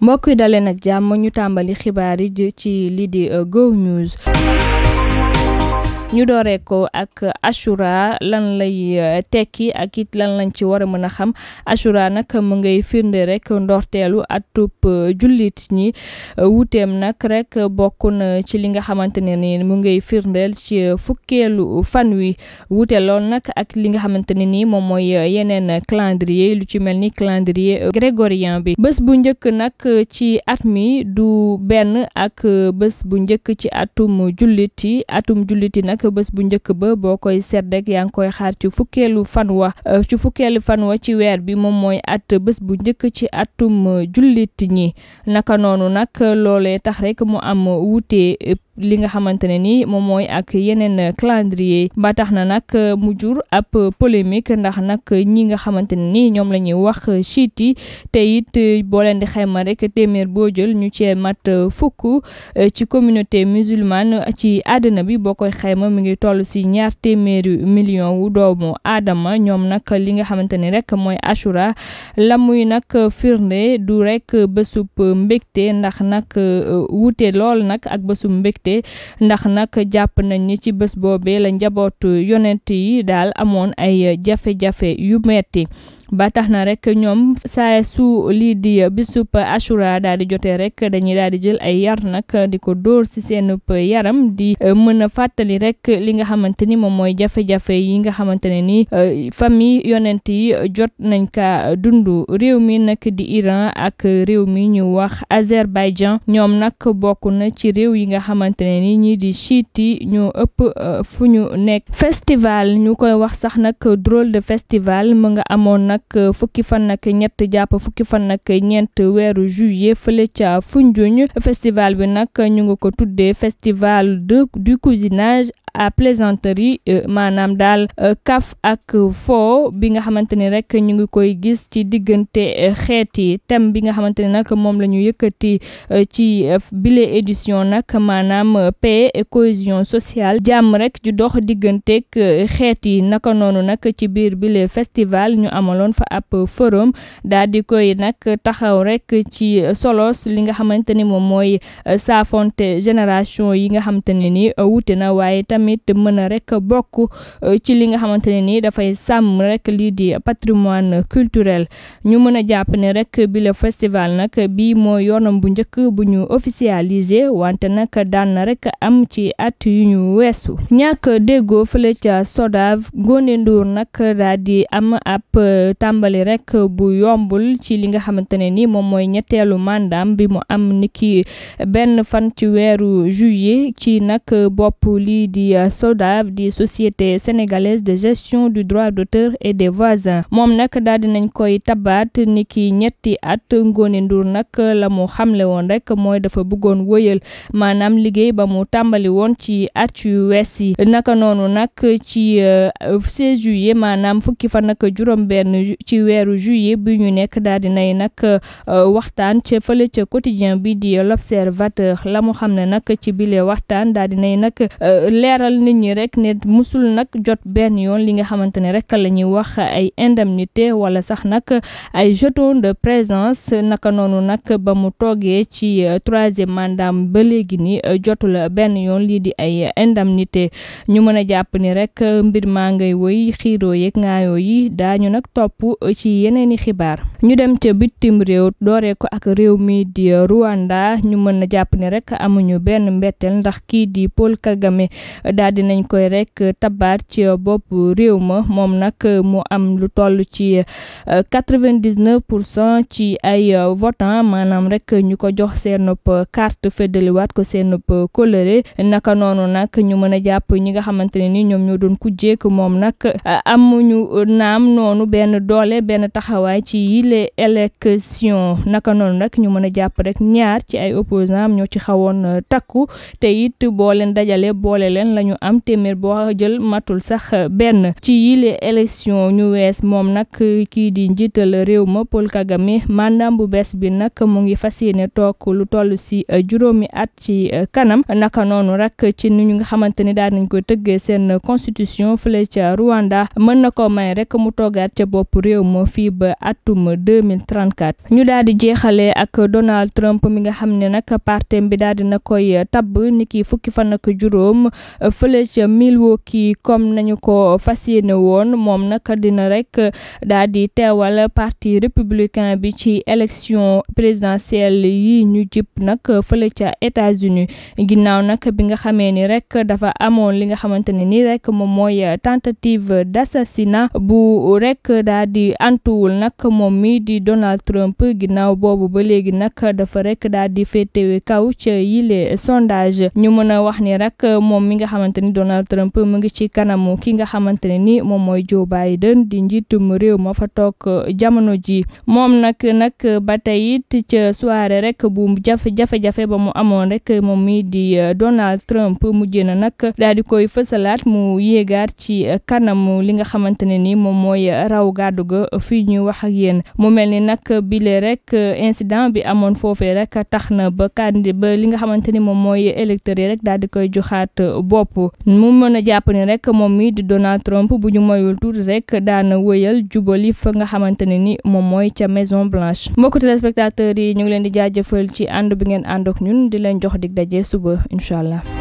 mbokk yi daleen ak jàmm ñu tàmbali xibaar yi ci lii di euh, Go News. ñu dooree ko ak Ashura lan lay eh, tekki ak it lan lañ ci war a mën a xam Ashura nag mu ngay firnde rek ndorteelu atub eh, jullit ñi eh, wuuteem nag rek bokk na ci li nga xamante ne ni mu ngay firndeel ci fukkeelu fan wi wuute lool nag ak li nga xamante ne ni moom mooy yeneen calendrier lu ci mel ni calendrier grégorien bi bés bu njëkk nag ci at mi du benn ak bés bu njëkk ci atum jullit yi atum jullit yi nag nag bés bu njëkk ba boo koy seet rek yaa ngi koy xaar ci fukkeelu fan wa euh, ci fukkeelu fan wa ci weer bi moom mooy at bés bu njëkk ci atum jullit ñi naka noonu nag loolee tax rek mu am wuute li nga xamante ne ni moom mooy ak yeneen calendrier ba tax na nag euh, mu jur ab polémique ndax nag ñi nga xamante ne ni ñoom la ñuy wax chiite yi te it euh, boo leen di xayma rek téeméer boo jël ñu cee mat euh, fukk ci communauté musulmane ci àddina bi boo koy xayma mi ngi toll si ñaar téeméeri million wu doomu aadama ñoom nag li nga xamante ni rek mooy Ashura la muy nag firnde du rek bésub mbégte ndax nag wuute lool nag ak bésub mbégte sécurité ndax nag jàpp nañ ni ci bés boobee la njabootu yonent yi daal amoon ay jafe-jafe yu metti ba tax na rek ñoom saa su lii di bisub Ashura daal di jotee rek dañuy daal di jël ay yar nag di ko dóor si seen yaram di eh, mën a fàttali rek li nga xamante ni moom mooy jafe-jafe yi nga xamante ne ni eh, famille yonent yi jot nañ ka dundu réew mi nag di Iran ak réew mi ñu wax Azerbaïdjan ñoom nag bokk na ci réew yi nga xamante ne ni ñii di chiiti ñu ëpp eh, fu ñu nekk festival ñu koy wax sax nag drôle de festival mu nga amoon fukki fan nag ñett jàpp fukki fan nag ñeent weeru juillet fële ca Foundiougne festival bi nag ñu ngi ko tuddee festival de du cousinage à plaisanterie maanaam daal kaf ak foo bi nga xamante ni rek ñu ngi koy gis ci diggante xeet yi thème bi nga xamante ni nag moom la ñu yëkkati ci bile édition nag maanaam paix et cohésion sociale jàmm rek ju dox digganteeg xeet yi naka noonu nag ci biir bile festival ñu amaloon amaloon fa ab forum daal di koy nag taxaw rek ci solos linga nga xamante ni moom mooy euh, saafonte génération yi nga xamante ne ni euh, wuute na waaye tamit mën a rek bokk euh, ci linga nga xamante ne ni dafay sàmm rek lii di patrimoine culturel ñu mën a jàpp ne rek bi le festival nag bi moo yoonam bu njëkk bu ñu officialisé wante nag daan na rek am ci at yu ñu weesu ñàkk déggoo fële ca SODAV Ngoné Ndour nag daal am ab tàmbali rek bu yombul ci li nga xamante ne ni moom mooy ñetteelu mandaam bi mu am niki benn fan ci weeru juillet ci nag bopp lii di soda di société sénégalaise de gestion du droit d'auteur et des voisins moom nag daal dinañ koy tabaat niki ñetti at Ngone Ndour nag la mu xamle woon rek mooy dafa bëggoon woyal maanaam liggéey ba mu tàmbali woon ci at yu wees yi naka noonu nag ci 16 euh, juillet maanaam fukki fan ak juróom-benn ci weeru juillet bi ñu nekk daal nay nag euh, waxtaan ca fële ca quotidien bi di l'observateur la mu xam ne nag ci bile waxtaan daal di nay nag euh, leeral nit ñi rek ne musul nag jot benn yoon li nga xamante ne rek la ñuy wax ay indemnité wala sax nag ay jeton de présence naka noonu nag ba mu toggee ci euh, troisième mandat ba léegi ni jotul benn yoon lii di ay indemnité ñu mën a jàpp ni rek mbir maa ngay woy xiiroo yeeg ngaayoo yi daañu nag topp topp ci yeneeni xibaar ñu dem ca bitim réew dooree ko ak réew mi di Rwanda ñu mën a jàpp ni rek amuñu benn mbetteel ndax kii di Paul Kagame daal di nañ koy rek tabaat ci bopp réew ma moom nag mu am lu toll ci euh, quatre vingt dix pour cent ci ay euh, votant maanaam rek ñu ko jox seen nopp carte feddaliwaat ko seen kolere naka noonu nag ñu mën a jàpp ñi nga xamante ne ni ñoom ñoo doon kujjeek moom nag euh, amuñu naam noonu benn benn doole benn taxawaay ci yile élection naka noonu nag ñu mën a jàpp rek ñaar ci ay opposants ñoo ci xawoon euh, takku te it boo leen dajale boole leen la ñu am téeméer boo jël matul sax euh, benn ci yile élection ñu wees moom nag euh, kii di njiital réew ma Paul Kagame mandaam bu bees bi nag mu ngi fas yéene toog lu toll si juróomi at ci kanam naka noonu rek ci ni ñu nga xamante ni daan nañ ko tëggee seen constitution fële ca Rwanda mën na ko may rek mu toogaat bopp réew ma fii ba atum 2034 ñu daal di jeexale ak Donald Trump mi nga xam ne nag partem bi daal di na koy tabb niki fukki fan ak juróom fële ca Milwaukee comme nañu ko fas yéene woon moom nag dina rek daal di teewal parti républicain bi ci élection présidentielle yi ñu jib nag fële ca États-Unis ginnaaw nag bi nga xamee ni rek dafa amoon li nga xamante ne ni rek moom mooy tentative d'assassinat bu rek daal di antuwul nag moom mi di Donald Trump ginnaaw boobu ba léegi nag dafa rek daal di féetewe kaw ca yile sondage ñu mën a wax ni rek moom mi nga xamante ni Donald Trump mu ngi ci kanamu ki nga xamante ne ni moom mooy Joe Biden di njiitum réew ma fa toog jamono ji moom nag nag ba tey it ca soirée rek bu jafe-jafe ba mu amoon rek moom mi di Donald Trump mujj na nag daal koy fësalaat mu yéegaat ci kanamu li nga xamante moom mooy raw kaddu ga fii ñuy wax ak yéen mu mel ni nag bile rek euh, incident bi amoon foofee rek tax na ba kandi ba li nga xamante ni moom mooy électeurs yi rek daal di koy joxaat euh, bopp mu mën a jàpp ni rek moom mi di Donald Trump bu ñu moyul tuuti rek daana wëyal jubali fa nga xamante ne ni moom mooy ca Maison Blanche mbokku téléspectateurs yi ñu ngi leen di jaajëfal ci ànd bi ngeen ànd ak ñun di leen jox di daje suba incha allah